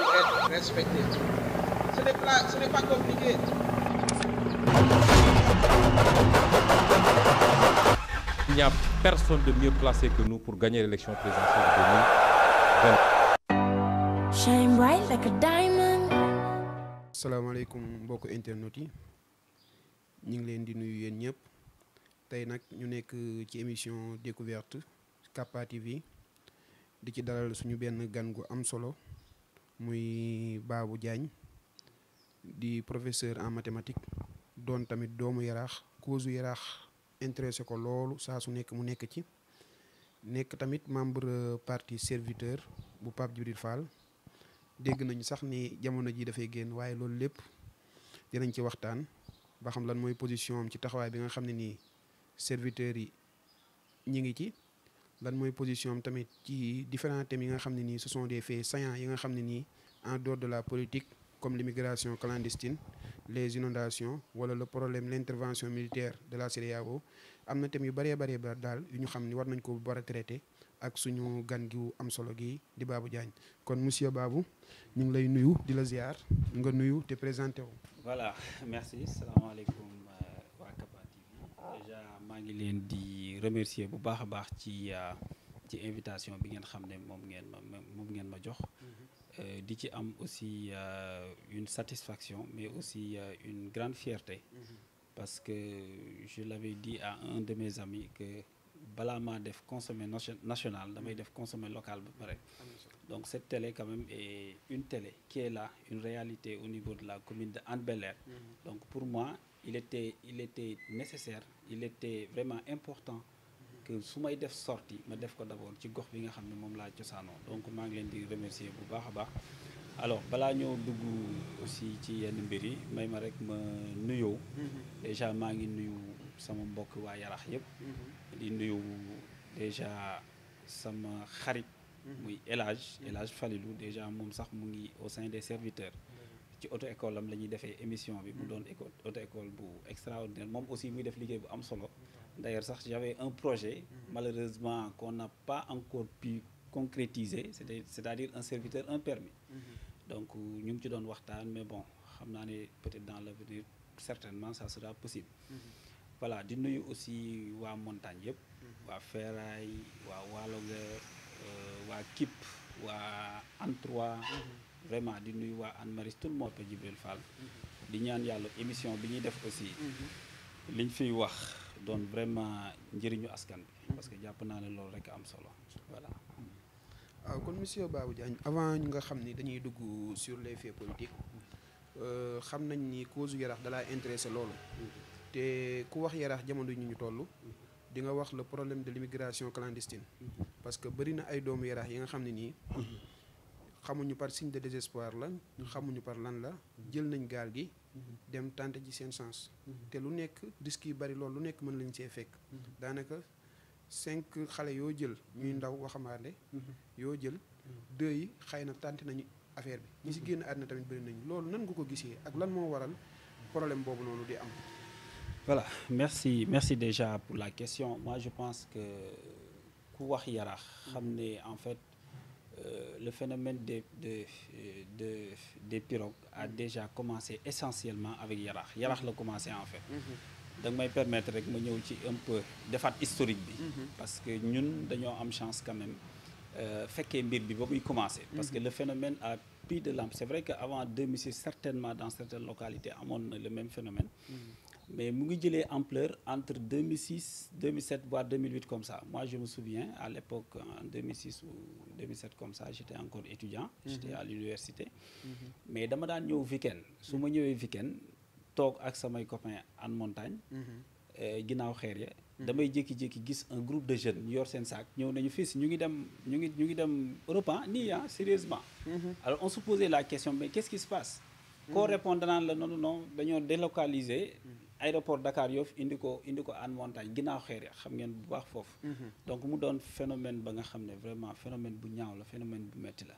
pour être respecté. Ce n'est pas, pas compliqué. Il n'y a personne de mieux placé que nous pour gagner l'élection présidentielle de 2020. Shine bright like a diamond. Salam alaikum, beaucoup yi Nous sommes leen di nuyu yéen ñëpp tey ñu ci émission découverte Capa TV Nous ci dalal suñu benn de gu am solo muy babu Diagne di professeur en mathématiques don tamit doomu yaraax cause yaraax intéressé ko lolou sa su nek mu nek ci nek tamit membre parti serviteur bu Pape jibril Fall dégg nañu sax ni jamono ji da fay guen waye lolou lepp dinañ ci waxtaan ba xam lan moy position am ci taxaway bi nga xamni ni serviteur yi ñi ngi ci lan mooy position am tamit ci différents thèmes yi nga xam ne nii ce sont des faits saillants yi nga xam ne nii en dehors de la politique comme l'immigration clandestine les inondations wala le problème l'intervention militaire de la CEDEAO am na thèmes yu bëree bëree ba daal yu ñu xam war nañ ko war a traité ak suñu gan giwu am solo gi di Babou Diagne kon monsieur Babou ñu ngi lay nuyu di la ziar nga nuyu te présenté wu. voilà merci salaamaaleykum. Je voudrais remercier beaucoup ci euh, ci invitation bi aussi une satisfaction mais aussi euh, une grande fierté parce que je l'avais dit à un de mes amis que bala maa def consommer national damay def consommé local donc cette télé quand même est une télé qui est là une réalité au niveau de la commune de anne mhm. donc pour moi il était il était nécessaire il était vraiment important que su may def sortie ma def ko d'abord ci gox bi nga xam mom la laa donc ma ngi len di remercier bu baax baax alors bala ñoo dugg aussi ci yenn mbir yi may ma rek ma nuyo mhm. déjà ma ngi nuyu sama mbokk wa yarax yëpp mhm. di nuyu déjà sama xarit mhm. muy élage élage Falilou déjà mom sax mu ngi au sein des serviteurs ci auto école am la ñuy defee émission bi mu doon école auto école bu extraordinaire moom aussi muy def liggéey bu am solo d'ailleurs sax j'avais un projet malheureusement qu'on n'a pas encore pu concrétiser c'était c'est-à-dire un serviteur un permis mm-hmm. donc ñu ngi ci doon waxtaan mais bon xam naa peut-être dans l'avenir certainement ça sera possible mm-hmm. voilà di nuyu aussi waa montagne yëpp mm-hmm. waa Ferraille waa Waloga euh, waa Kip waa Antrois vraiment di nuyu wa Anne Marie tout le monde Jibril Fall di ñaan Yalla émission bi ñi def aussi liñ fiy wax doon vraiment njëriñu askan bi parce que jàpp naa ne loolu rek am solo voilà ah kon monsieur Babou Diagne avant nga xamni dañuy dugg sur les faits politiques euh, xam nañ ni cause yarax la intéressé lool té ku wax yarax jamono ñu ñu tollu di nga wax le problème de l'immigration clandestine parce que bari na ay doomu yarax yi nga xamni ni xamuñu par signe de désespoir la xamuñu par lan la jël nañ gaal gi dem tenter ci seen sens mhm. te lu nekk risque yu bari loolu lu nekk mën lañ see fekk mhm. daanaka cinq xale yoo jël ñuy mhm. ndaw waxambaane yoo jël deux yi xëy na tànte nañu affaire bi ñi si génn àddina tamit bëri nañu loolu nan nga ko gisee ak lan moo waral problème boobu noonu di am voilà merci merci déjà pour la question moi je pense que ku wax yaraax xam ne en fait euh, le phénomène des, pirogues a déjà commencé essentiellement avec yarach yarach l'a commencé en fait. Mhm. Donc, je vais permettre de un peu de faire historique. Mhm. Parce que nous, nous avons une chance quand même. Euh, fait que le commence. Parce que le phénomène a plus de lampes. C'est vrai qu'avant 2006, certainement dans certaines localités, on a le même phénomène. Mhm mais y ngi une ampleur entre 2006 2007 voire 2008 comme ça moi je me souviens à l'époque en 2006 ou 2007 comme ça j'étais encore étudiant mhm. j'étais à l'université mhm. mais dama daan un week-end su weekend un week-end avec ak samay copains en montagne mhm. eh, ginaaw xeer ya damay jékki-jékki gis un groupe de jeunes ils yor en sac, ils nañu fils ñu ngi dem ñu ngi ñu ngi dem Europe ah, ah, sérieusement alors on se posait la question mais qu'est-ce qui se passe ko répond à la non non non dañoo délocaliser aéroport Dakar Yoff indi ko indi ko en montagne ginnaaw bu mhm. donc mu doon phénomène ba nga xam ne vraiment phénomène bu ñaaw la phénomène bu metti la.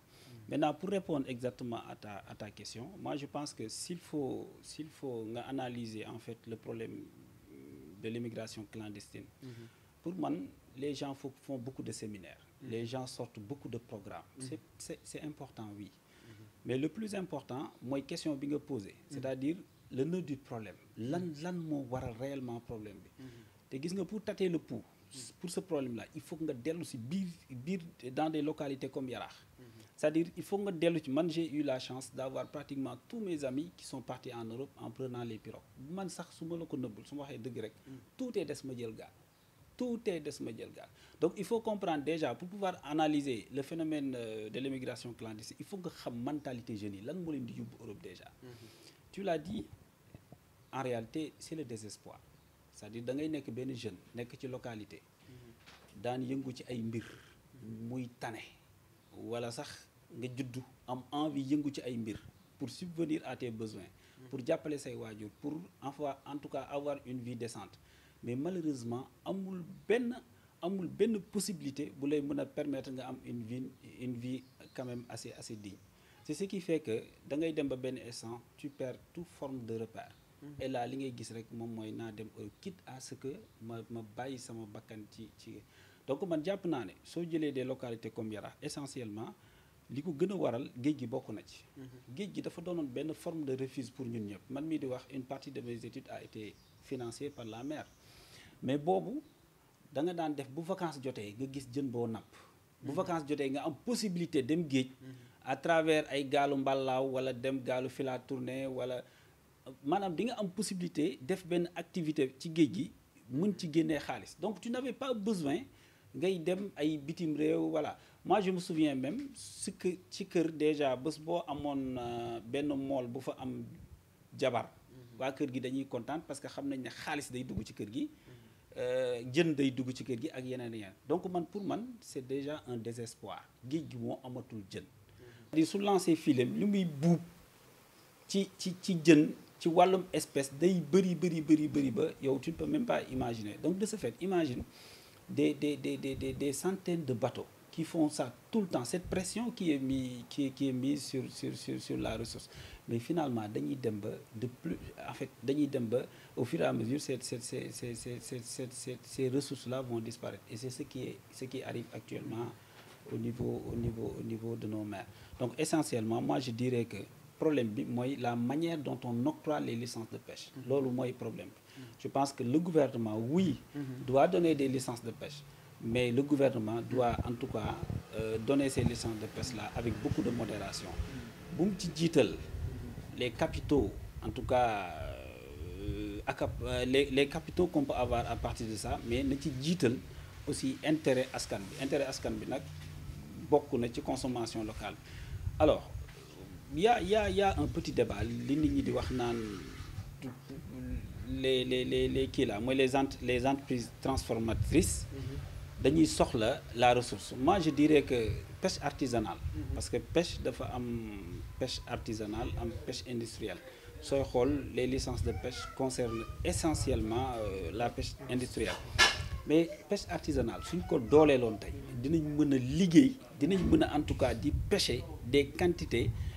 maintenant pour répondre exactement à ta à ta question moi je pense que s'il faut s'il faut nga analyser en fait le problème de l'immigration clandestine. Mhm. pour man les gens font beaucoup de séminaires. Mhm. les gens sortent beaucoup de programmes. c'est important oui. mais le plus important moi question bi nga poser c'est-à-dire le nœud du problème lan mm-hmm. lan qui wara réellement problème bi mm-hmm. gis nga pour tâter le pouls mm-hmm. pour ce problème là il faut que délu si bir, dans des localités comme Yara. c'est-à-dire il faut nga délu. ci man j'ai eu la chance d'avoir pratiquement tous mes amis qui sont partis en Europe en prenant les pirogues man sax su ko nëbbul su de mm. tout est des ma jël tout est des ma donc il faut comprendre déjà pour pouvoir analyser le phénomène euh, de l'immigration clandestine il faut que la mentalité jeune. yi lan moo di Europe déjà tu l'as dit en réalité c'est le désespoir c'est-à-dire que ngay êtes jeune êtes une localité dans besoin, ci mbir vous êtes wala sax nga am envie pour subvenir à tes besoins pour say wajur, pour en tout cas avoir une vie décente mais malheureusement n'y a pas de possibilité pour permettre une vie une vie quand même assez assez digne c'est ce qui fait que dans ngay dem tu perds toute forme de repère et li ngay gis rek moom mooy naa dem Europe quitte à ce que ma ma bàyyi sama bakkan ci ci donc man jàpp naa ne soo jëlee de localités comme Yarax essentiellement li ko gën a waral géej gi bokk na ci mhm. géej gi dafa doonoon benn forme de refuge pour ñun ñëpp man mi di wax une partie de mes études a été financier par la mer mais boobu da nga daan def bu vacances jotee nga gis jën boo napp bu mhm. vacances jotee nga am possibilité dem géej mhm. à travers ay gaalu mballaaw wala dem gaalu filaat tournée wala manam di nga am possibilité def ben activité ci géej gi mën ci génnee xaalis donc tu n'avais pas besoin ngay dem ay bitim réew voilà moi je me souviens même ce que ci kër déjà bés bo amone euh, ben mall, bu fa am jabar mhm. wa kër gi dañuy kontaan parce que xam nañ ne xaalis day dugg ci kër gi euh, jën day dugg ci kër gi ak yeneen yeneen donc man pour man c'est déjà un désespoir géej gi moo amatul jën mhm. di sou lancé film, li muy buub ci ci ci jën ci vois espèce day tu ne peux même pas imaginer donc de ce fait imagine des des des des des centaines de bateaux qui font ça tout le temps cette pression qui est mise qui est mise sur sur sur la ressource mais finalement de plus en fait au fur et à mesure ces ces ressources là vont disparaître et c'est ce qui est ce qui arrive actuellement au niveau au niveau au niveau de nos mers donc essentiellement moi je dirais que problème la manière dont on octroie les licences de pêche mhm. loolu le problème mhm. je pense que le gouvernement oui mhm. doit donner des licences de pêche mais le gouvernement doit en tout cas euh, donner ces licences de pêche là avec beaucoup de modération boum petit ci les capitaux en tout cas euh, euh, les, capitaux qu'on peut avoir à partir de ça mais ne ci aussi intérêt à bi intérêt à bi qu'on consommation locale alors il y a un petit débat les les les entreprises transformatrices. Mhm. dañuy la ressource moi je dirais que pêche artisanale. Mhm. parce que pêche dafa pêche artisanale am pêche industrielle les licences de pêche concernent essentiellement euh, la pêche industrielle mais pêche artisanale si ko dooleeloon tey dinañ mën nous en tout cas pêcher des quantités.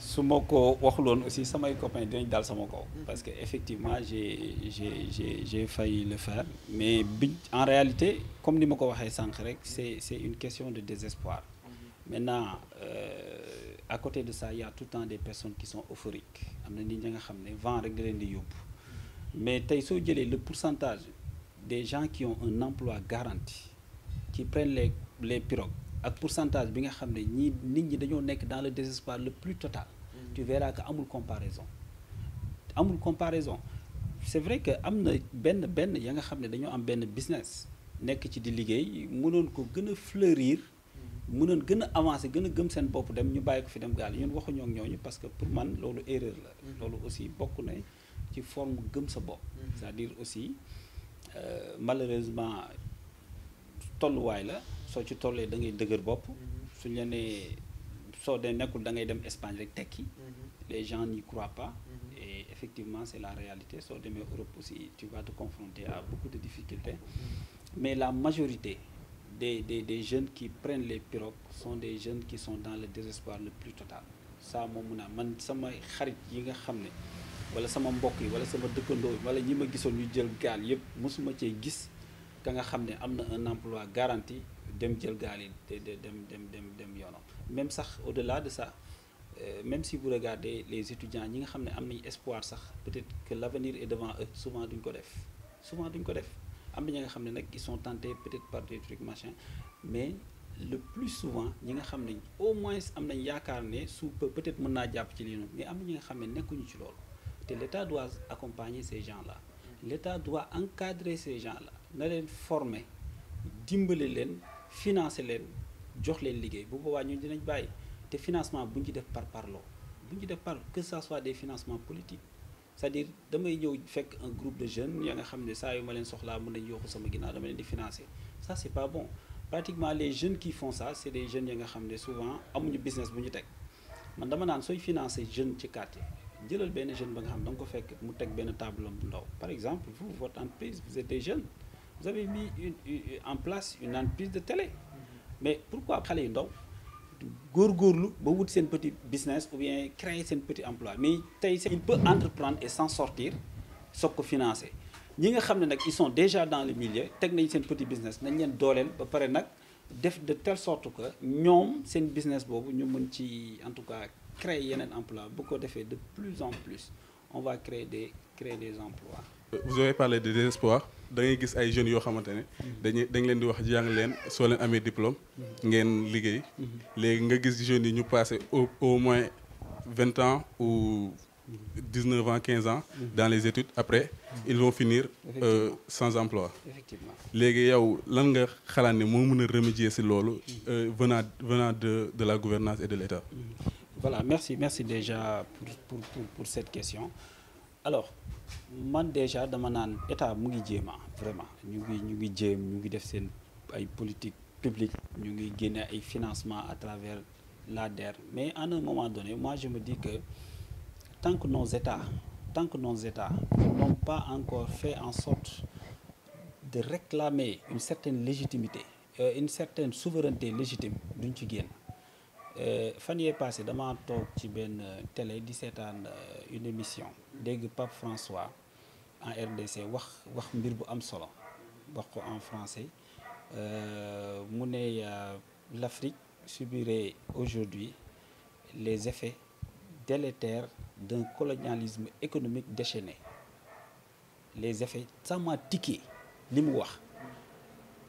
aussi parce que j'ai failli le faire mais en réalité comme ni c'est une question de désespoir maintenant euh, à côté de ça il y a tout le temps des personnes qui sont euphoriques nga mais le pourcentage des gens qui ont un emploi garanti qui prennent les les pirogues ak pourcentage bi nga xam ne ñii ñi nekk dans le désespoir le plus total mm. tu verras que amul comparaison amul comparaison c'est vrai que am ben, benn benn ya nga xam ne dañoo am benn business nekk ci di liggéey mënoon ko gën a fleurir mm. mënoon gën a avancer gën a gëm seen bopp dem ñu bàyyi ko fi dem gaal ñun waxuñoo ak ñooñu parce que pour man lolo erreur la mm. aussi beaucoup na ci forme gëm sa bopp c'est-à-dire aussi euh, malheureusement le la soo ci tollee da ngay dëgër bopp mhm. suñ la nee soo dee nekkul da ngay dem Espagne rek tekki mhm. les gens n'y croient pas mhm. et effectivement c'est la réalité soo demee Europe aussi tu vas te confronter à beaucoup de difficultés mais la majorité des, des, des jeunes qui prennent les pirogues sont des jeunes qui sont dans le désespoir le plus total ça moom mun naa man sama xarit yi nga xam ne wala sama mbokk yi wala sama dëkkandoo yi wala ñi ma gisoon ñu jël gaal yëpp mosuma cee gis ka nga xam ne am na un emploi garanti dem jël gaal yi de dem dem dem dem yoonam même sax au-delà de ça euh, même si vous regardez les étudiants ñi nga xam ne am nañ espoir sax peut-être que l'avenir est devant eux souvent duñ ko def souvent duñ ko def am na ñi nga xam ne nag ils sont tentés peut-être par des trucs machin mais le plus souvent ñi nga xam ne au moins am nañ yaakaar ne su peut-être mën naa jàpp ci lii mais am na ñi nga xam ne nekkuñu ci loolu te l'État doit accompagner ces gens-là l'État doit encadrer ces gens-là na leen former dimbali leen financer les jox leen liggéey bu boobaa ñun dinañ bàyyi te financement bu ñu ci def par parlo. bu ñu ci def par que ça soit des financements politiques c'est-à-dire damay ñëw fekk un groupe de jeunes ya nga xam ne saa yu ma leen soxlaa mën nañ yooxu sama ginnaaw dama leen di financer ça c'est pas bon pratiquement les jeunes qui font ça c'est des jeunes ya nga xam ne souvent amuñu business bu ñu teg man dama naan sooy financer jeune ci quartier jëlal benn jeune ba nga xam da nga ko fekk mu teg benn table bu ndaw par exemple vous votre entreprise vous êtes des jeunes vous avez mis en place une entreprise de télé. mais pourquoi après yu ndaw ba c'est petit business ou bien créer un petit emploi mais il peut entreprendre et s'en sortir sans financer ñi nga qu'ils ils sont déjà dans le milieu c'est un petit business Ils sont ba de telle sorte que c'est un business nous ñu en tout cas créer un emploi beaucoup de de plus en plus on va créer des créer des emplois vous avez parlé de désespoir da ngay gis ay jeunes yoo xamante ne dañuy dañ leen di wax jàng leen soo leen amee diplôme ngeen liggéey léegi nga gis jeunes yi ñu passé au au moins vingt ans ou dix neuf ans quinze ans dans les études après ils vont finir euh, sans emploi léegi yow lan nga xalaat ne moo mën a remédier si loolu euh, venant venant de de la gouvernance et de l'État voilà merci merci déjà pour pour pour, pour cette question alors man déjà dama naan état mu ngi jéema vraiment ñu ngi ñu ngi jéem ñu ngi def ay politique publique ñu ngi génne ay financement à travers l'ADER mais à un moment donné moi je me dis que tant que nos états tant que nos états n'ont pas encore fait en sorte de réclamer une certaine légitimité euh, une certaine souveraineté légitime duñ ci génn euh, fan yee passé dama toog ci benn télé di seetaan euh, une émission que Pape François en RDC wax wax mbir en français euh, euh, l'Afrique subirait aujourd'hui les effets délétères d'un colonialisme économique déchaîné les effets ça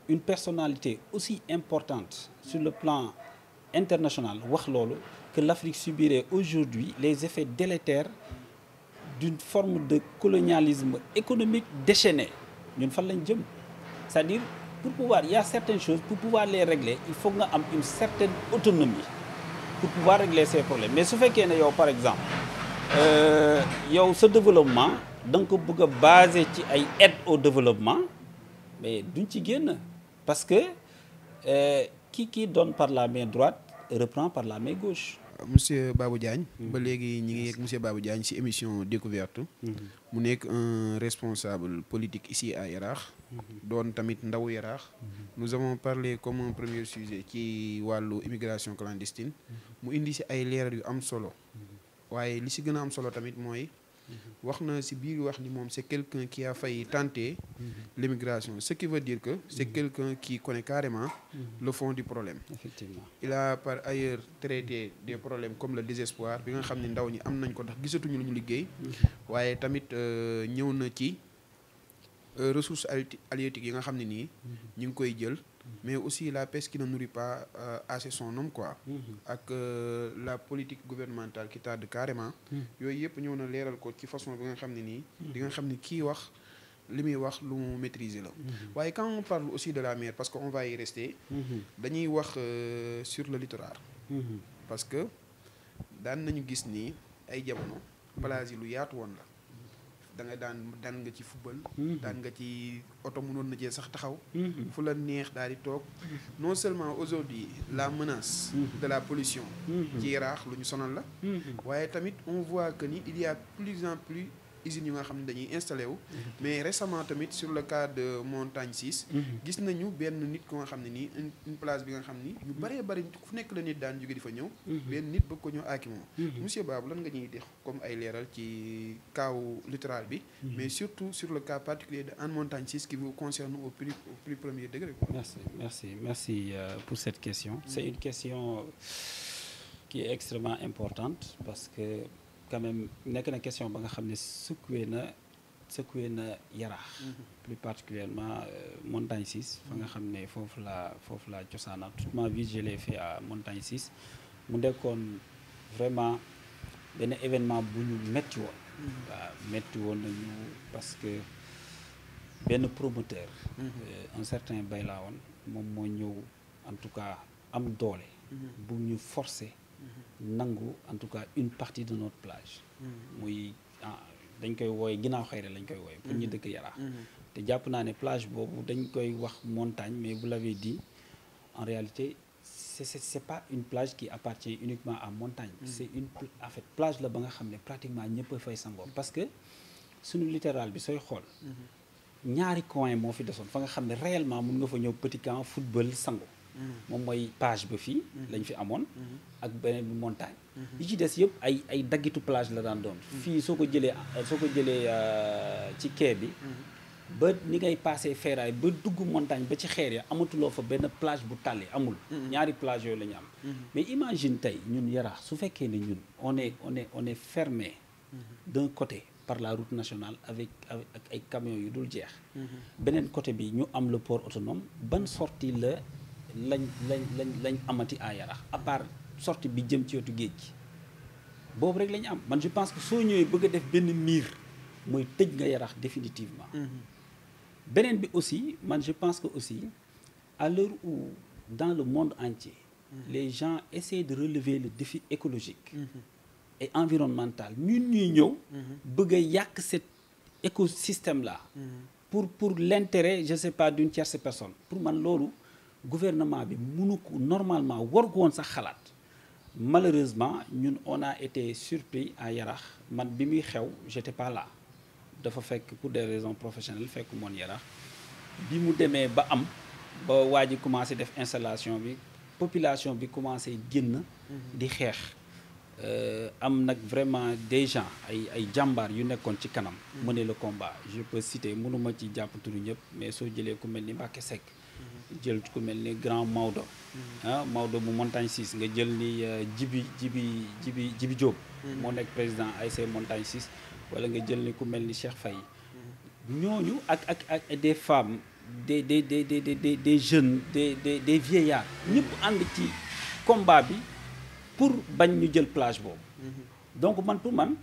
une personnalité aussi importante sur le plan international que l'Afrique subirait aujourd'hui les effets délétères d'une forme de colonialisme économique déchaîné Nous c'est-à-dire pour pouvoir il y a certaines choses pour pouvoir les régler il faut une certaine autonomie pour pouvoir régler ces problèmes mais ce fait qu'il y a, par exemple ce euh, développement donc pour basé aide au développement mais d'une ci parce que euh, qui qui donne par la main droite reprend par la main gauche monsieur Babou Diagne. Mhm. ba léegi monsieur Babou Diagne ci émission découverte. Je mhm. suis un responsable politique ici à Yaraax. Mhm. tamit ndaw nous avons parlé comme un premier sujet qui est l'immigration clandestine. mu indi ci ay leeral yu am solo. waaye li ci qui est am solo tamit c'est quelqu'un qui a failli tenter mhm. l'immigration ce qui veut dire que c'est mhm. quelqu'un qui connaît carrément mhm. le fond du problème effectivement il a par ailleurs traité des problèmes comme le désespoir bi nga dit ne ndaw ñi am nañ ko ndax a ñu tamit euh, euh, ressources halieutiques yi nga xam ne nii mais aussi la peste qui ne nourrit pas euh, assez son homme quoi que mm-hmm. euh, la politique gouvernementale qui tarde carrément mm-hmm. yooyu yëpp ñëw na léral ko ci façon bi nga xamni ni mm-hmm. di nga xamni ki wax li wax lu maîtriser quand on parle aussi de la mer parce que on va y rester dañuy wax euh, sur le littoral parce que daan nañu gis ni ay jamono plage yi lu yaatu won la da nga daan daan nga ci football. Mhm. daan nga ci oto mënoon na cee sax taxaw. Mhm. fu la neex daal di toog. non seulement aujourd'hui la menace. Mhm. de la pollution. ci yaraax lu ñu sonal la. waaye tamit on voit que ni il y a plus en plus nous avons nga dañuy installé wu. Mhm. mais récemment tamit sur le cas de Montagne 6. Mhm. gis nañu vu nit ko nga xam une place bi nga xam yu bari bari bëri ku nekk la nit daan jóge di fa ñëw. Mhm. benn nit bëgg ko ñëw akimo monsieur Babou lan nga ñuy def comme ay leeral ci cas littoral bi. mais surtout sur le cas particulier de Montagne 6 qui vous concerne au plus au plus premier degré. merci merci merci euh, pour cette question. c'est une question qui est extrêmement importante parce que quand même a une question mm-hmm. plus particulièrement euh, montagne 6 fa nga ma vie je l'ai fait à montagne 6 mu vraiment événement mm-hmm. parce que ben promoteur mm-hmm. euh, un certain Bailaon en tout cas am doole forcer nangu en tout cas une partie de notre plage. Mm-hmm. muy ah, dañ koy woy ginnaaw xayre lañ koy woy pour ñu mm-hmm. dëkk Yaraax. Mm-hmm. te japp na ne plage bobu dañ koy wax montagne mais vous l'avez dit en réalité c'est c'est pas une plage qui appartient uniquement à montagne. c'est une en fait plage la ba nga xamné pratiquement ñepp fay sangoo parce que suñu littoral bi soy xol ñaari coin mo fi desoon fa nga xamné réellement mën nga fa ñëw petit camp football sango Mm-hmm. moom moy page ba mm-hmm. fi lañ fi amone mm-hmm. ak benen bi montagne yi ci dess yëpp ay ay daggitu plage la dan doon fi soko ko soko euh, soo euh, ci quai bi ba ni ngay passer ferraille ba dugg montagne ba ci xeer ya lo fa benn plage bu tàlli amul ñaari plage yo lañ am mais imagine tay ñun yara su fekkee ni ñun on est on est on est fermé d'un côté par la route nationale avec avec ay camion yu dul jeex benen côté bi ñu am le port autonome ban sortie le lañ lañ lañ amati à Yarax à part sortie bi jëm ci wetu géej bobu rek lañ am man je pense que so ñëwee bëgg def ben miir mooy tëj nga Yarax définitivement mhm. benen bi aussi man je pense que aussi à l'heure où dans le monde entier mhm. les gens essaient de relever le défi écologique mhm. et environnemental ñun ñuy ñëw bëgg yak cet écosystème là pour pour l'intérêt je sais pas d'une tierce personne pour man gouvernement bi munu normalement war malheureusement ñun on a été surpris à Yarax Je bi pas là dafa fekk pour des raisons professionnelles fekk Yarax bi mu ba am ba commencé def installation population bi commencé di euh, am vraiment des gens ay ay jambar yu qui ci kanam le combat je peux citer mais so jëlé ku jël ku mel ni grand Maudo, Maudo Maodo bu mm. ah, Montagne 6 nga jël ni euh, Jibi Jibi Jibi Jibi job. mo mm. nek président ASC Montagne 6 wala nga le ni ku mel ni Nous, mm. avec des femmes des des des des des jeunes des des des vieillards nous avons ci combat bi pour bañ ñu la plage Donc, mm-hmm. donc man pour man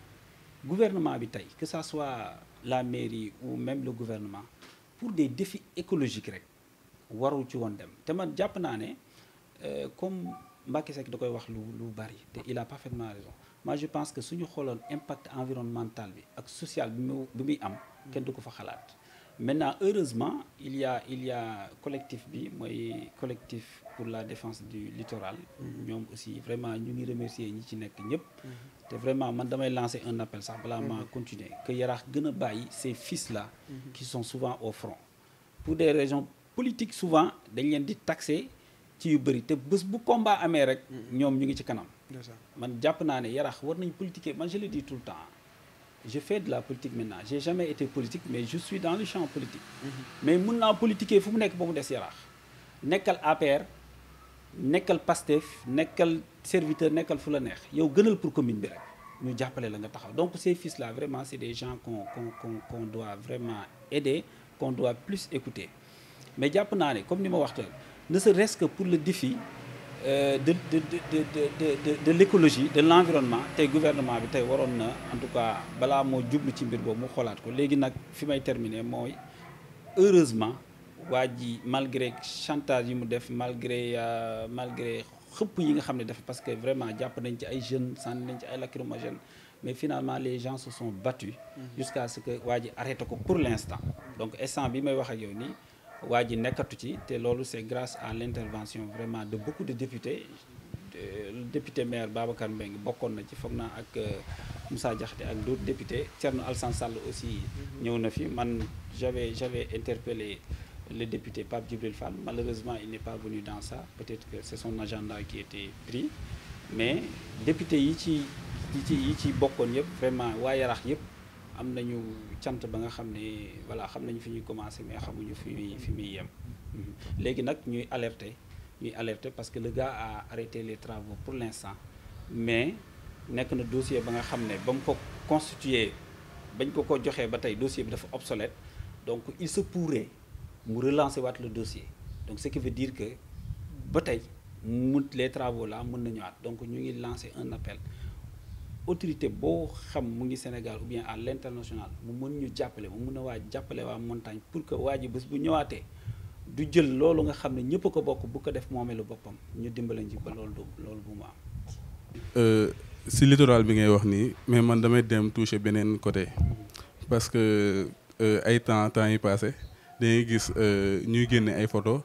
gouvernement bi que ça soit la mairie ou même le gouvernement pour des défis écologiques waru ci won dem té man japp naa ne euh, comme Mbacké sék da koy wax lu lu bari té il a parfaitement raison moi je pense que suñu xooloon impact environnemental bi ak social bi bi muy am kenn du ko fa xalat maintenant heureusement il y a il y a collectif bi moy collectif pour la défense du littoral ñom aussi vraiment ñu ngi remercier ñi ci nek ñëpp mm-hmm. té vraiment man damay lancer un appel sax balaa ma mm-hmm. continuer que Yaraax gëna a ces fils là mm-hmm. qui sont souvent au front pour des raisons politique souvent dañ leen di taxé ci yu bari te bëss bu combat amé rek mm-hmm. ñom ñu ngi ci kanam man japp na ne yarax war nañ politiquer man je le dis tout le temps je fais de la politique maintenant j'ai jamais été politique mais je suis dans le champ politique mm-hmm. mais faut naa politiquer fu mu nekk ba mu des yarax nekkal APR nekkal PASTEF nekkal serviteur nekkal fu la neex yow gënal pour commune bi rek ñu jappalé la nga taxaw donc ces fils là vraiment c'est des gens qu'on qu'on qu'on doit vraiment aider qu'on doit plus écouter mais jàpp comme ni ma dit, ne serait-ce que pour le défi euh, de de de de de de l'écologie de l'environnement le gouvernement bi en tout cas balaa moo jublu ci mbir boobu mu été ko train de se terminer heureusement malgré le malgré chantage qu'il a def malgré euh, malgré xëpp yi nga parce que vraiment jàpp ci ay jeunes sont ci ay lacrymogènes mais finalement les gens se sont battus mm-hmm. jusqu'à ce que Wadi arrête pour l'instant donc instant bi may wax ak yow c'est grâce à l'intervention vraiment de beaucoup de députés Le député maire Babacar Mbeng, bokon na ci ak euh, Moussa Diakhaté ak d'autres députés Thierno Alsan Sall aussi ñëw na fi j'avais j'avais interpellé le député Pape Djibril Fall malheureusement il n'est pas venu dans ça peut-être que c'est son agenda qui était pris mais député yi ci yi ci yi ci vraiment waa Yarax am nañu cant ba nga xam ne voilà xam nañu fi ñuy commencé mais xamuñu fi muy fi muy yem mhm. léegi nag ñuy alerter ñuy alerter parce que le gars a arrêté les travaux pour l'instant mais nekk na dossier ba nga xam ne ba mu ko constitué bañ ko ko joxee ba tey dossier bi dafa obsolète donc il se pourrait mu relancer waat le dossier donc ce qui veut dire que ba tey mu les travaux là mën na ñëwaat donc ñu ngi lancer un appel autorité bo xam mu ngi Sénégal ou bien à l'international mu mën ñu jàppale mu mën wa waa wa montagne pour que waji ji bu ñëwaaté du jël loolu nga xam ne ñëpp ko bokk bu ko def moomeelu boppam ñu dimbalañ ji ba loolu du loolu bu mu am. Euh, si littoral bi ngay wax ni mais man damay dem toucher beneen côté parce que euh, ay temps temps yi passé dañuy gis euh, ñuy génne ay photo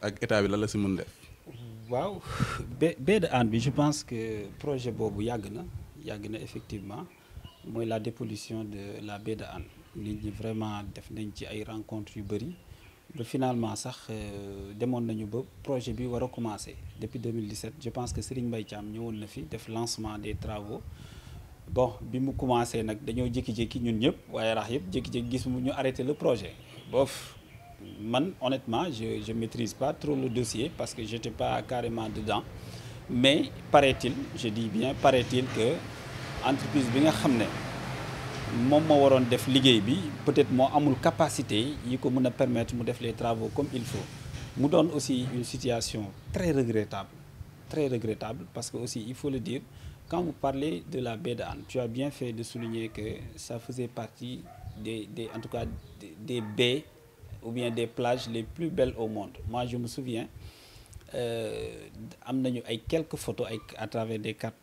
ak état bi lan la si mën def. waaw baie de bi je pense que projet boobu Yagna, Yagna effectivement mooy la dépollution de la baie de Anne. nit vraiment def nañ ci ay rencontres yu finalement sax euh, demande nañu ba projet bi war recommencer depuis 2017 je pense que Serigne Mbaye Thiam ñëwoon na fi def lancement des travaux bon bi mu commencé nak dañu jékki-jékki ñun ñëpp waye rax yëpp jékki-jékki gis mu ñu arrêter le projet bof honnêtement, je ne maîtrise pas trop le dossier parce que je n'étais pas carrément dedans. Mais paraît-il, je dis bien, paraît-il que l'entreprise bi nga peut-être à amul capacité permettre de les travaux comme il faut nous donne aussi une situation très regrettable très regrettable parce que aussi il faut le dire quand vous parlez de la baie tu as bien fait de souligner que ça faisait partie des, en tout cas des baies ou bien des plages les plus belles au monde moi je me souviens euh, quelques photos à travers des cartes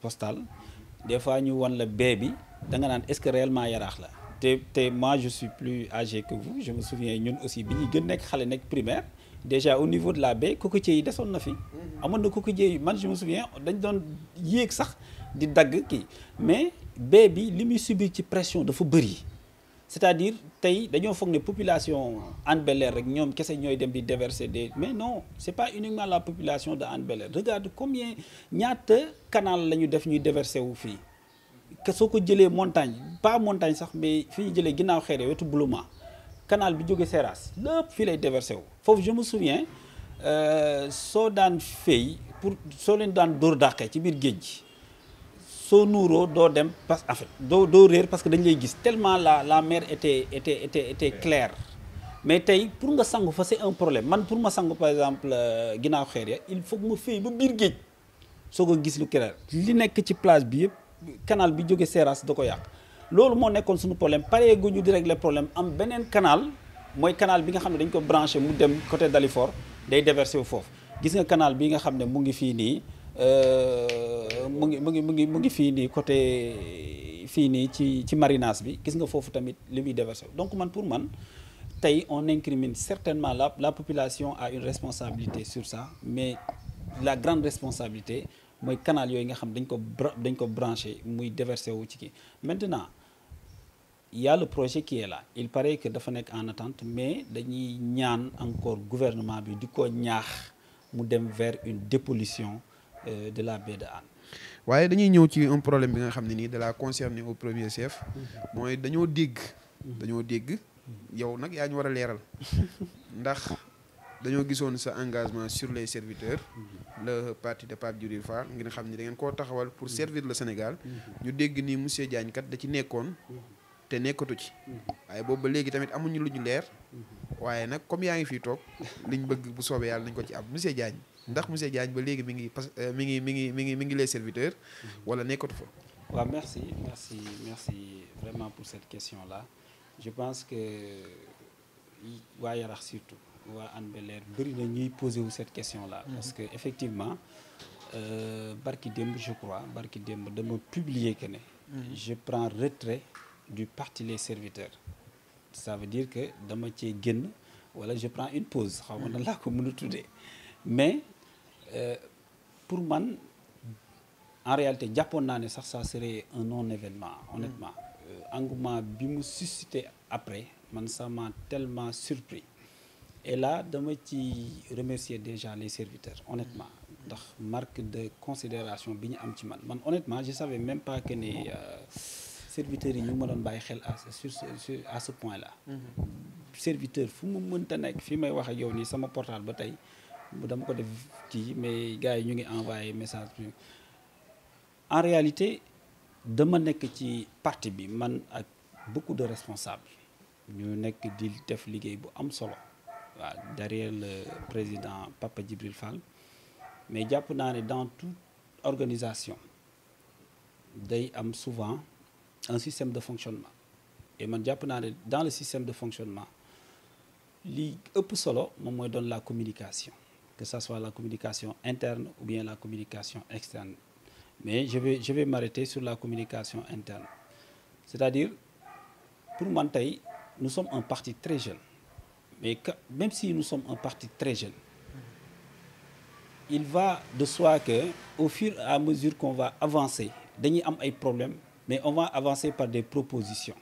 postales des fois ñu wan le baie est-ce que réellement un la moi je suis plus âgé que vous je me souviens nous aussi bi gën primaire déjà au niveau de la baie cocotier yi desoon na fi mhm. amoon na cocotier man je me souviens dañ hier que sax di dagg mais baie bi li subit une pression pression faut briller c'est-à-dire tay, dañoo foog ne population Hann bel rek ñom kessé ñoy dem di déverser des mais non c'est pas uniquement la population de Hann bel regarde combien ñaata canal lañu def ñuy déverser wu fi. que soo ko montagne pas montagne sax mais fi ñu jëlee ginnaaw xeere wetu blouma canal bi joggé Seras lépp fi lay déverser wu foofu je me souviens euh, soo daan fay pour soo leen daan dóor dàqe ci bir géej soo nuuroo dem parce en fait do do rire parce que dañ lay gis tellement la la mer était était était était claire mais tay pour nga sangou fa c'est un problème man pour ma sangou par exemple euh, ginaaw xeer ya il faut que ma fay ba biir géej soko gis lu clair li nek ci place bi canal bi jóge Seras da ko yàq loolu moo nekkoon suñu problème paré guñu di régler problème am benen canal moy canal bi nga xamné dañ ko branché mu dem côté Dalifort day déverser foofu gis nga canal bi nga xamné mu ngi fii euh, mu côté fini ci ci marinage bi gis nga fofu tamit li muy donc man pour man tay on incrimine certainement la la population a une responsabilité sur ça mais la grande responsabilité moy canal yoy nga xam dañ ko dañ ko branché muy déversé wu ci maintenant il y a le projet qui est là il paraît que dafa nek en attente mais dañuy ñaan encore gouvernement bi diko ñaax mu dem vers une dépollution euh, de la baie de Hann waaye dañuy ñëw ci un problème bi nga xam ne de la concerner au premier chef mooy dañoo dégg dañoo dégg yow nak yaa ñu war a ndax dañoo gissone sa engagement sur les serviteurs le parti de Pape Djibril Fall ngir xam da ngeen ko taxawal pour servir le Sénégal ñu dégg ni monsieur Diagne kat da ci nekkoon té nekkatu ci waye bobu légui tamit amuñu luñu ñu leer waaye nag comme yaa fi tok liñ bëgg bu soobé yalla ñu ko ci am monsieur Diagne ndax monsieur Diagne ba légui mi ngi parce euh, que mi ngi mi ngi mi ngi les serviteurs wala nekkatu fa wa merci merci merci vraiment pour cette question là je pense que euh, wa Yarax surtout wa Hann Bel-Air bëri na ñuy posé wu cette question là mm-hmm. parce que effectivement euh barki demb je crois barki demb dama publier que ne mm-hmm. je prends retrait du parti les serviteurs ça veut dire que dama ci génn wala je prends une pause xaw mm-hmm. la ko mënu a mais pour moi en réalité jàppoon ça, ça serait un non événement honnêtement euh, engouement m'a suscité après man ça m'a tellement surpris et là je ci remercier déjà les serviteurs honnêtement donc marque de considération bi honnêtement je savais même pas que les euh, serviteurs ñu ma à à ce point là mm-hmm. serviteur fu mu mënta nekk fi may wax yow dama ko def ci mais gars yi ñu ngi envoyé message bi en réalité dama nekk ci parti bi man ak beaucoup de responsables ñu nekk di def liggéey bu am solo waaw derrière le président Papa jibril Fall mais jàpp naa dans toute organisation day am souvent un système de fonctionnement et man jàpp naa dans le système de fonctionnement li ëpp solo moom mooy doon la communication que ce soit la communication interne ou bien la communication externe. Mais je vais, je vais m'arrêter sur la communication interne. C'est-à-dire, pour Mantaï, nous sommes un parti très jeune. Mais même si nous sommes un parti très jeune, il va de soi que au fur et à mesure qu'on va avancer, problèmes mais on va avancer par des propositions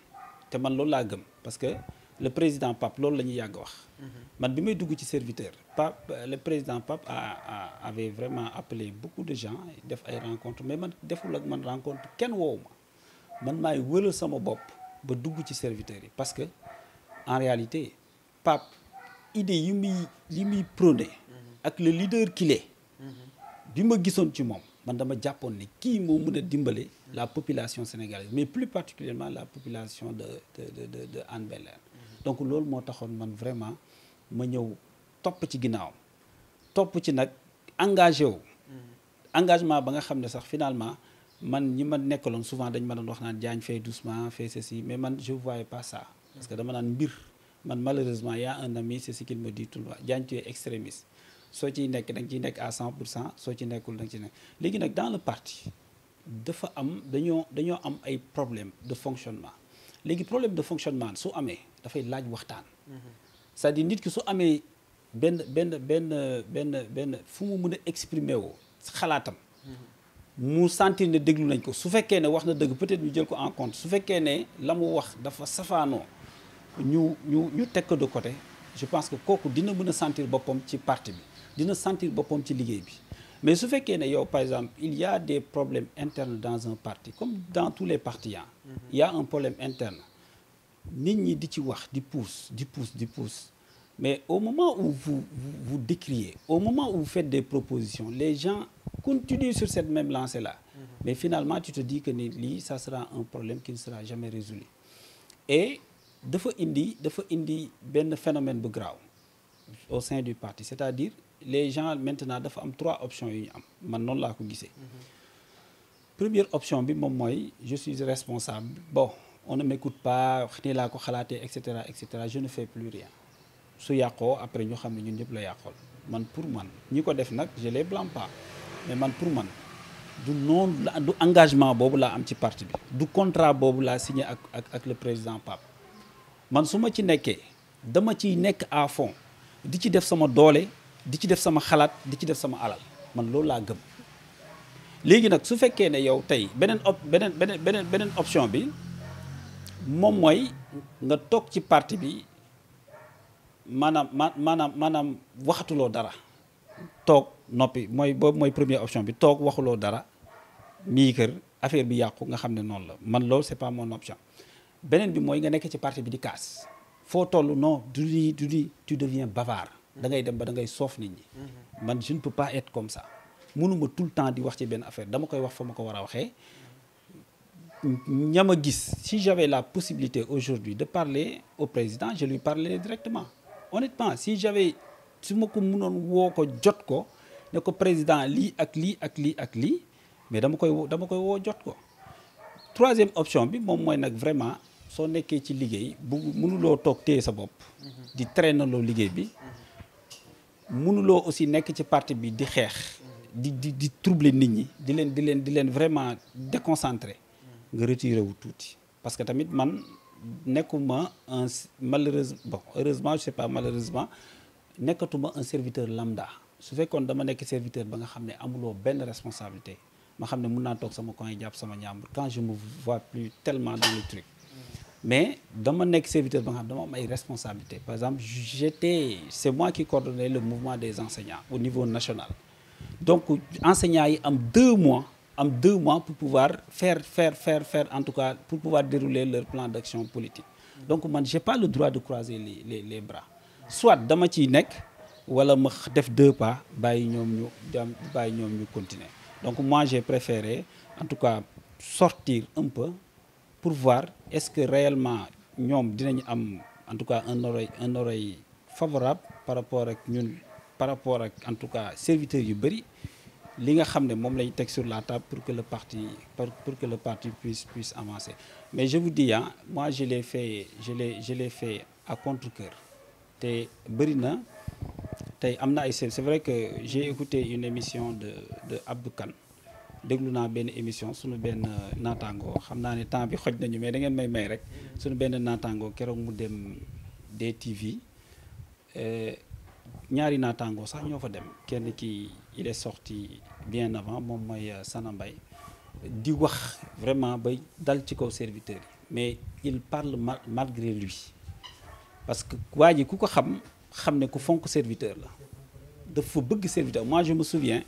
parce que le président Pape c'est la ñuy dit. wax. Mhm. man bi serviteur euh, le président Pape avait vraiment appelé beaucoup de gens def ay mais man deful ak man rencontre qu'un woowu Je man maay wëral sama serviteur. parce que en réalité Pape il est li le leader qu'il est. quand je l'ai ci moom man dama jàppoon ne qui moo mën la population sénégalaise mais plus particulièrement la population de de de donc loolu mo taxone man vraiment ma ñëw top ci ginaaw top ci nak engagé wu. Mm. engagement ba nga xamné sax finalement man ñi ma nekkaloon souvent dañ ma doon wax naan jaañ fay doucement fay ceci mais man je voyais pas ça. parce que dama naan mbir man malheureusement y a un ami c'est ce qu'il me dit tout le temps jaañ tu es extrémiste so ci nek da ci nek à 100 pour cent ci nekul da ci nek légui nak dans le parti dafa am dañoo dañoo am ay problèmes de fonctionnement légui problème de fonctionnement su amé dafay laaj waxtaan mhm. c'est-à-dire nit ki su amé ben ben ben ben ben fu mu mën exprimer woo xalaatam mhm. mu sentir ne deglu nañ ko su fekkee ne wax na dëgg peut-être ñu jël ko en compte su fekkee ne lamu wax dafa safano ñu ñu ñu tek ko de côté je pense que koku dina meuna sentir bopom ci parti bi dina sentir bopom ci liguey bi mais su fekkee ne yow par exemple il y a des problèmes internes dans un parti comme dans tous les partis hein. mhm. il y a un problème interne nit ni di ci wax di pousse di pousse di pousse mais au moment où vous, vous, décriez au moment où vous faites des propositions les gens continuent sur cette même lancée là mm-hmm. mais finalement tu te dis que ni ça sera un problème qui ne sera jamais résolu et il indi a indi phénomène grave au sein du parti c'est-à-dire les gens maintenant dafa trois options maintenant là am man mm-hmm. première option je suis responsable bon on ne m'écoute pas wax nii laa ko xalaatee et cetera et cetera je ne fais plus rien su yàqoo après ñu xam ne ñun ñëpp la man pour man ni ko def nak, je les blâme pas mais man pour man du non, du engagement boobu la am ci parti bi du contrat boobu la signé ak ak le président Pape man suma ma ci nekkee dama ciy nekk à fond di ci def sama doole di ci def sama khalat, di ci def sama alal man loolu la gëm léegi nak, su fekkee ne yow tay, benen, benen, benen, benen, beneen option bi mom moy nga tok ci parti bi manam manam manam maanaam waxatuloo dara tok nopi moy boobu mooy première option bi toog waxuloo dara mi keur affaire bi yàqu nga xamne non la man loolu c'est pas mon option benen bi moy nga nek ci parti bi di casse fo toll non du lii du tu deviens bavard da ngay dem ba da ngay sof nit ñi mhm. man je ne peux pas être comme ça mënuma tout le temps di wax ci ben affaire dama koy wax fa ma ko war a ña gis si j'avais la possibilité aujourd'hui de parler au président je lui parlerais directement honnêtement si j'avais su ma ko mënoon woo ko jot ko ne ko président li ak li ak li ak li, mais dama koy dama koy wo jot ko troisième option bi mom moy nag vraiment so nekkee ci liguey, bu mënuloo tok té sa bop, di lo liguey bi mënuloo aussi nekk ci parti bi di xeex di di di troubler nit ñi di len di len di len vraiment déconcentrer je retiré tout. parce que tamit man nekuma un malheureusement bon heureusement je sais pas malheureusement un serviteur lambda su fekkoon dama nek serviteur ba nga xamné amulo ben responsabilité ma xamné ne tok sama coin sama quand je me vois plus tellement dans le truc mais dama un serviteur ba nga une par exemple c'est moi qui coordonnais le mouvement des enseignants au niveau national donc enseignants ont deux mois am deux mois pour pouvoir faire, faire, faire, faire, en tout cas, pour pouvoir dérouler leur plan d'action politique. Donc, moi, je n'ai pas le droit de croiser les, les, bras. Soit, dama ciy ou wala ma def deux pas bàyyi continuer donc moi j'ai préféré en tout cas sortir un peu pour voir est-ce que réellement nous dinañ en tout cas un oreille un oreille favorable par rapport à ñun par rapport à, en tout cas serviteurs du BRI li nga xam ne moom lañ teg sur la table pour que le parti pour que le parti puisse puisse avancer mais je vous dis ah moi je l'ai fait je l'ai je l'ai fait à contre-cœur te bëri na tey am na ay c'est vrai que j'ai écouté une émission de de Abdou Kane déglu naa benn émission sunu benn euh, naataango xam naa ne temps bi xoj nañu mais da ngeen may may rek sunu benn naataango keroog mu dem DTV euh, ñaari naataango sax ñoo fa dem kenn ki il est sorti bien avant mon mooy euh, Sanambay di wax vraiment ba dal ci serviteur. mais il parle mal malgré lui parce que quand il ku ko xam xamne ne ku fonk serviteur la fa bëgg serviteur moi je me souviens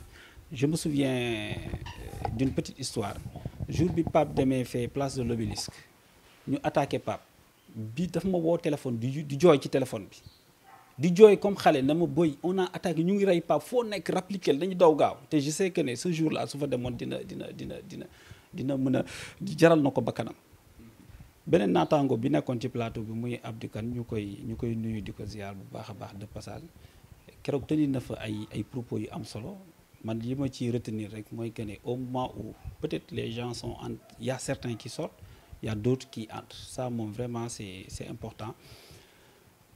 je me souviens euh, d'une petite histoire jour bi Pape me fait place de l'obélisque ñu attaqué Pape bi daf ma wo téléphone di di jooy ci téléphone bi di joy comme xalé na ma boy on a attaqué ñu ngi ray pas fo nek répliquer dañu daw gaaw té je sais que né ce jour là su fa demoon dina dina dina dina dina mëna jaral nako bakanam benen beneen naataango bi nekkoon ci plateau bi muy Abdou kan ñukoy ñukoy nuyu diko ziar bu baax baax de passage kérok tëni na fa ay ay propos yu am solo man li ma ci retenir rek moy que né au moment où peut-être les gens sont en il y a certains qui sortent il y a d'autres qui entrent ça moom vraiment c'est c'est important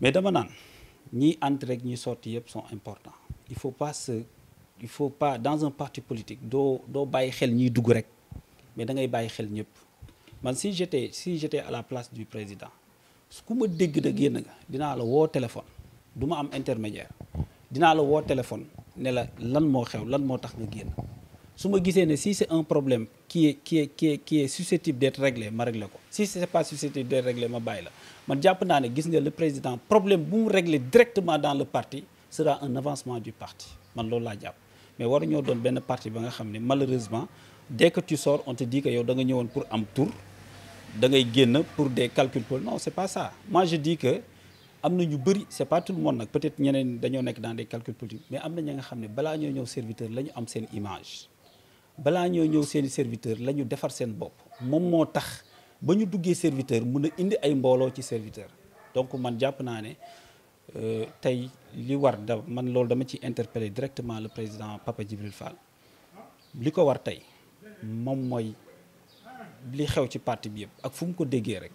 mais dama naan ni entre ni sortie sont importants il faut pas se il faut pas dans un parti politique Do, do bàyyi xel dougrek, dugg rek mais da ngay bàyyi xel Mais man si j'étais si j'étais à la place du président ku ma dégg dit de nga dina la haut téléphone du ma am intermédiaire dina la haut téléphone nela la lan moo xew lan moo tax nga si c'est un problème qui est qui est qui est qui est susceptible d'être réglé ma règle ko si n'est pas susceptible d'être réglé ma bàyyi Je man que le président. le président problème bu régler réglé directement dans le parti sera un avancement du parti man loolu laa mais il ñoo doon benn parti ba malheureusement dès que tu sors on te dit que yow da nga pour un tour Tu es pour des calculs Non, non n'est pas ça moi je dis que ce n'est c'est pas tout le monde peut-être ñeneen sont dans des calculs politiques mais am na ñi nga xam ont image balaa ñoo ñëw seeni serviteur la ñu defar seen bopp moom moo tax ba ñu duggee serviteur mun a indi ay mbooloo ci serviteur donc man jàpp naa ne euh, tey li war da man loolu dama ci interpeller directement le président Papa Djibril Fall Liko war tay, moom mooy li xew ci parti bi yëpp ak fu ko déggee rek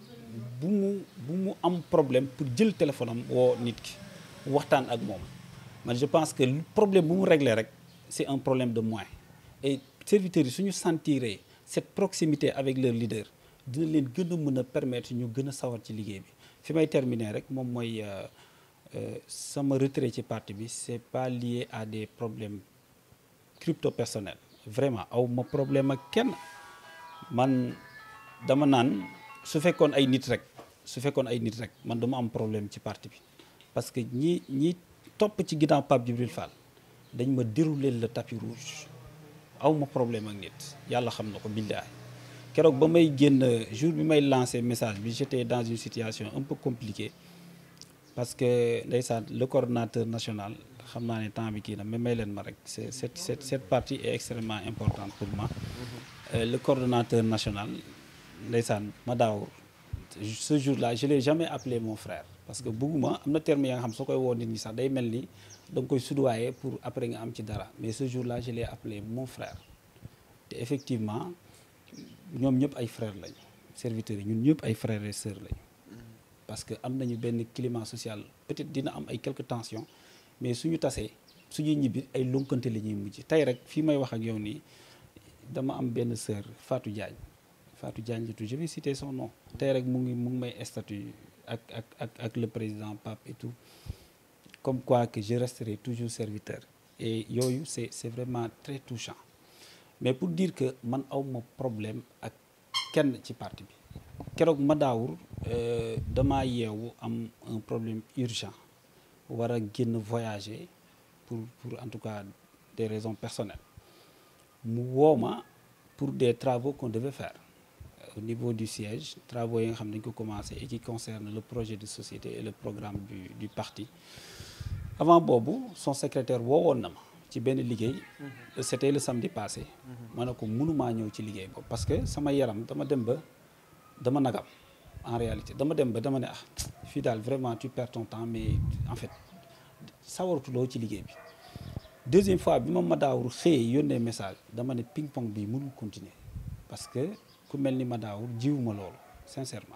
bu mu bu mu am problème pour jël téléphone am wo nitki, ki waxtaan ak man je pense que le problème bu mu régler rek c'est un problème de moins et serviteurs suñu sentiré cette proximité avec leur leader dina leen gën a permettre ñu gën sawar ci liggéey bi fi may terminer rek Mon euh, euh sama retrait ci parti bi c'est pas lié à des problèmes crypto personnels vraiment aw ma problème ak kenn man dama nan su fekkoon ay nit rek su fekkoon ay nit rek man dama am problème ci parti bi parce que ñi ñi top ci en Pape jibril Fall dañ ma dérouler le tapis rouge il ma problème ak nit yàlla xam na ko billaahi keroog ba may génn jour bi may lancé message j'étais dans une situation un peu compliquée parce que le coordonnateur national xam sais temps bi na mais may leen ma rek c'est cette cette partie est extrêmement importante pour moi mm-hmm. euh, le coordonnateur national ma ce jour là je l'ai jamais appelé mon frère parce que beaucoup de gens terme ya nga xam un koy woo nit ñi sax day donc, je suis pour apprendre à am mais ce jour-là je l'ai appelé mon frère et effectivement nous sommes ay frères serviteurs ñun frères et sœurs parce que am nañu climat social peut-être dina am quelques tensions mais suñu tassé suñu ay lonkante a mujj rek may wax ak yow dama sœur Fatou Fatou je vais citer son nom rek mu le président Pape et tout comme quoi que je resterai toujours serviteur et Yoyu, c'est vraiment très touchant mais pour dire que man mon problème ak kenn parti bi ma demain, euh, un problème urgent war a voyager pour pour en tout cas des raisons personnelles mu pour des travaux qu'on devait faire au niveau du siège travaux qui nga commencé et qui concernent le projet de société et le programme du du parti avant Bobo, son secrétaire mhm. c'était le samedi passé je mhm. ne pas parce que je yaram dama dem ba en réalité Je suis dama ne ah, vraiment tu perds ton temps mais en fait sawartuloo ci liggéey bi deuxième fois bi ma ma je un message dama ne ping pong continuer parce que je je suis ma sincèrement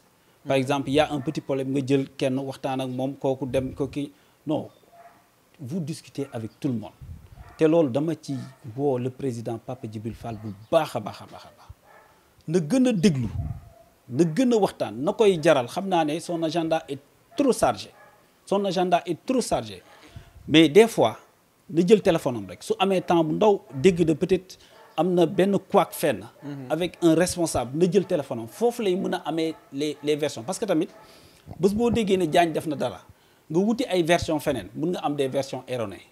par exemple il y a un petit problème nga jël kenn waxtaan ak moom kooku dem ko non vous discutez avec tout le monde c'est loolu dama ci bo le président Papa Djibril Fall bu baax a baax a ne a na gën a déglu na gën a waxtaan na jaral xamna né son agenda est trop chargé son agenda est trop chargé mais des fois na jël téléphone am rek su amé temps bu ndaw dégg de peut-être amna ben benn couac fenn. avec un responsable Ne jël téléphone am lay mën amé les les versions parce que tamit bés bo déggee né Diagne def na dara nga wuti ay versions feneen mun nga am des versions erronées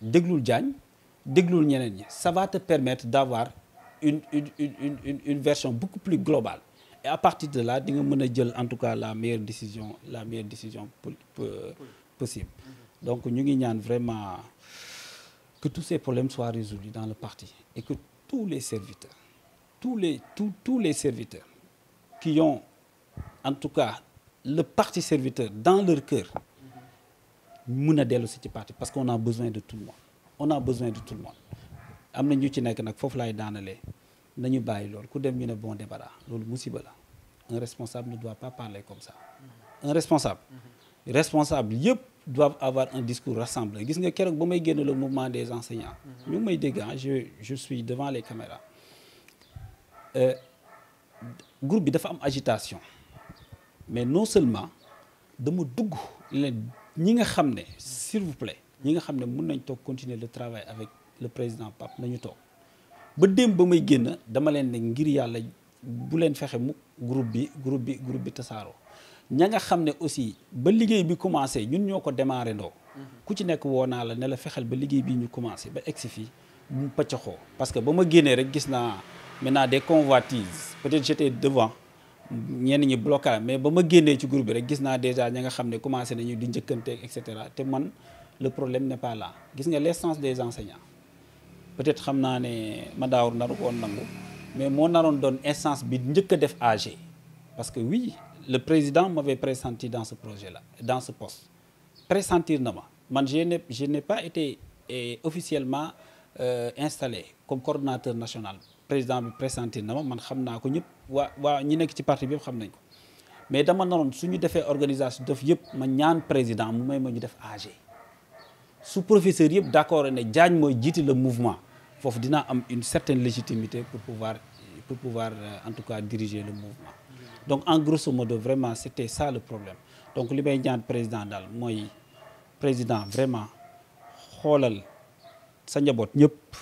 déglul Diagne déglul ñeneen ñi ça va te permettre d'avoir une une une une une version beaucoup plus globale et à partir de là di nga mën jël en tout cas la meilleure décision la meilleure décision possible mm-hmm. donc ñu ngi ñaan vraiment que tous ces problèmes soient résolus dans le parti et que tous les serviteurs, tous les, tous, tous les serviteurs qui ont, en tout cas, le parti serviteur dans leur cœur, mouna a parti parce qu'on a besoin de tout le monde on a besoin de tout le monde bon un responsable ne doit pas parler comme ça un responsable mm-hmm. responsable doivent avoir un discours rassemblé gis nga keroog ba may le mouvement des enseignants. ñu ngi may ah, je je suis devant les caméras euh, groupe bi dafa am agitation mais non seulement dama dugg leen ñi nga s'il vous plaît ñi nga xam ne mun continuer le travail avec le président Pape nañu toog ba démb ba may génn dama leen ne ngir yàlla bu leen fexe mu groupe bi groupe bi groupe bi tasaaroo ña nga xam aussi ba liggéey bi commencé ñun ñoko ko démarré ndoo ku ci nek woo naa la ne la fexal ba liggéey bi ñu commencé ba egsi fi mu pëccaxoo parce que bama ma rek gis naa maintenant des convoitises peut-être j'étais devant ñen ñi bloqué mais bama ma ci groupe bi rek gis naa déjà ña nga xam ne commencé nañu di njëkkanteeg et cetera té man le problème n'est pas là gis nga l'essence des enseignants peut-être xamna né ma daawar naru woon nangu mais mo naron don essence bi njëkk def AG parce que oui le président m'avait pressenti dans ce projet-là, dans ce poste. Pressentir, non. je n'ai pas été eh, officiellement euh, installé comme coordinateur national. Le président me pressentir, non. Moi, je sais que nous, nous, parti, nous savons mais dama si nous ñu organisation def yëpp ma ñaan président mu may ma ñu def AG su professeur yëpp d' accord ne Diagne le mouvement foofu dinaa am une certaine légitimité pour pouvoir pour pouvoir euh, en tout cas diriger le mouvement donc en grosso modo vraiment c'était ça le problème donc le président président vraiment xoolal sa que ñëpp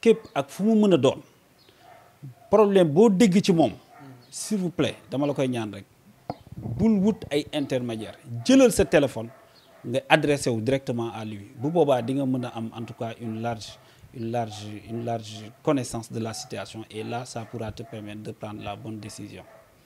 képp ak fu problème boo dégg s'il vous plaît dama la koy ñaan rek wut ay intermédiaire J'ai le téléphone nga adressé directement à lui bu boobaa di en tout cas une large une large une large connaissance de la situation et là ça pourra te permettre de prendre la bonne décision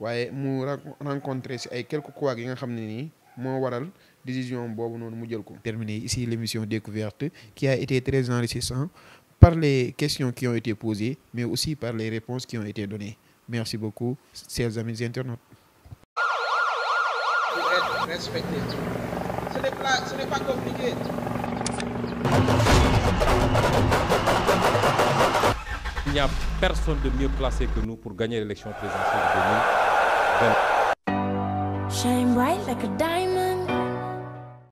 waaye quelques décision terminé ici l'émission découverte qui a été très enrichissante par les questions qui ont été posées mais aussi par les réponses qui ont été données merci beaucoup chers amis internautes. ce n'est pas compliqué. Il n'y a personne de mieux placé que nous pour gagner l'élection présidentielle de mai. Shine bright like a diamond.